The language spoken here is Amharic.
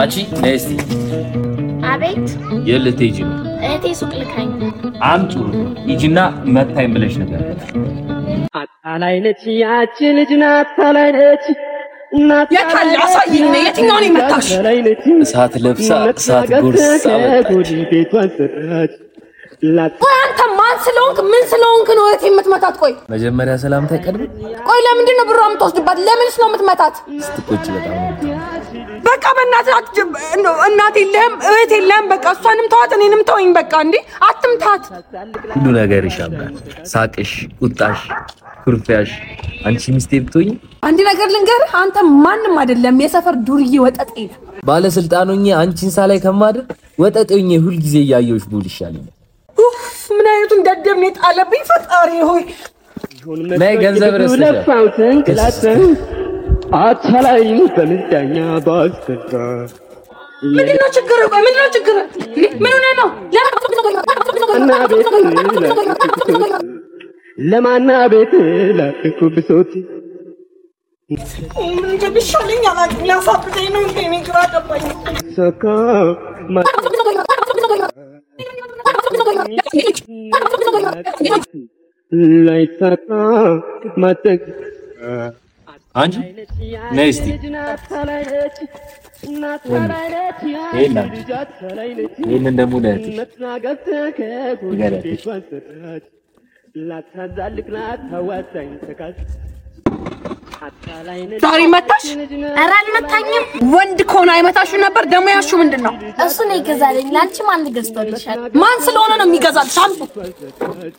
አንቺ ነይ እስቲ። አቤት። የት ልትሄጂ ነው? እህቴ ሱቅ ልካኝ። አምጪ ሂጂና መታኝ ብለሽ ነገር አታላይ ነች ያቺ ልጅ ናት። አታላይ ነች። የታለ አሳይኝ። የትኛውን የመታሽ? እሳት ለብሳ እሳት ጎርሳ ቆይ አንተ ማን ስለሆንክ ምን ስለሆንክ ነው እህቴ የምትመታት? ቆይ መጀመሪያ ሰላምታ አይቀድም? ቆይ ለምንድን ነው ብሯ የምትወስድባት? ለምንስ ነው የምትመታት? ስትቆጭ በጣም በቃ በእናት እናት የለህም እህት የለህም። በቃ እሷንም ተዋት እኔንም ተወኝ። በቃ እንዴ አትምታት። ሁሉ ነገር ይሻላል። ሳቅሽ፣ ቁጣሽ፣ ኩርፊያሽ አንቺ ሚስቴ ብትሆኝ አንድ ነገር ልንገር፣ አንተ ማንም አይደለም የሰፈር ዱርዬ ወጠጤ ነህ። ባለስልጣን ሆኜ አንቺን ሳላይ ከማድር ወጠጤ ሆኜ ሁልጊዜ እያየሁሽ ብውል ይሻለኛል። ምን አይነቱን ደደብ ነው የጣለብኝ ፈጣሪ ሆይ። ገንዘብ ረስልሻል አታላይ በምንዳኛ ባስተዛ ምንድነው ችግሩ? ቆይ ምንድነው ችግሩ? ምን ሆነ ነው? ለማና ቤት ላጥኩ ብሶት ላይሳካ ማጠቅ አንቺ ነይ እስኪ ይህንን ደግሞ ዛሬ መታሽ? ኧረ አልመታኝም። ወንድ ከሆነ አይመታሽም ነበር። ደግሞ ያልሺው ምንድን ነው? እሱ ነው ይገዛልኝ። ለአንቺ ማን ገዝቶልሻል? ማን ስለሆነ ነው የሚገዛልሽ? አምጡ